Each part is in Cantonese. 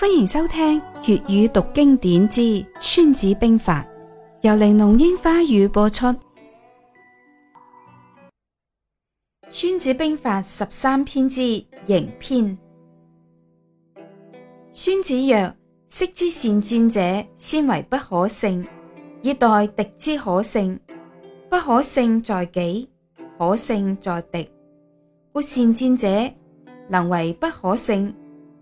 歡迎收聽粵語讀經典之《孫子兵法》，由玲瓏櫻花語播出。《孫子兵法》十三篇之《形篇》，孫子曰：昔之善戰者，先為不可勝，以待敵之可勝。不可勝在己，可勝在敵。故善戰者，能為不可勝。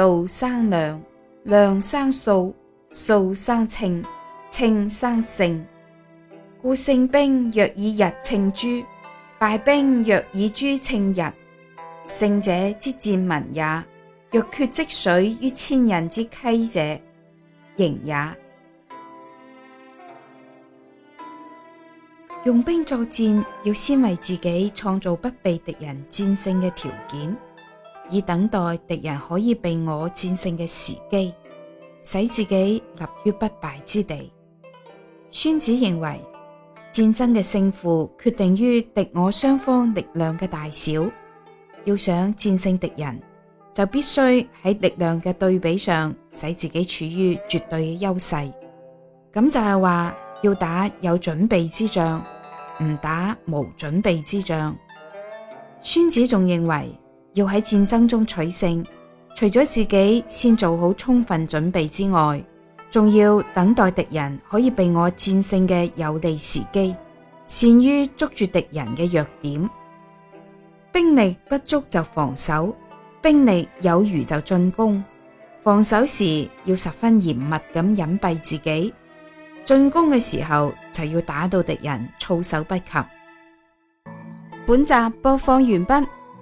道生兩，兩生數，數生稱，稱生勝。故勝兵若以日稱諸，敗兵若以諸稱日。勝者之戰民也。若決積水於千仞之溪者，盈也。用兵作戰要先為自己創造不被敵人戰勝嘅條件。以等待敵人可以被我戰勝嘅時機，使自己立於不敗之地。孫子認為戰爭嘅勝負決定於敵我雙方力量嘅大小，要想戰勝敵人，就必須喺力量嘅對比上使自己處於絕對嘅優勢。咁就係話要打有準備之仗，唔打無準備之仗。孫子仲認為。要喺戰爭中取勝，除咗自己先做好充分準備之外，仲要等待敵人可以被我戰勝嘅有利時機，善於捉住敵人嘅弱點。兵力不足就防守，兵力有餘就進攻。防守時要十分嚴密咁隱蔽自己，進攻嘅時候就要打到敵人措手不及。本集播放完畢。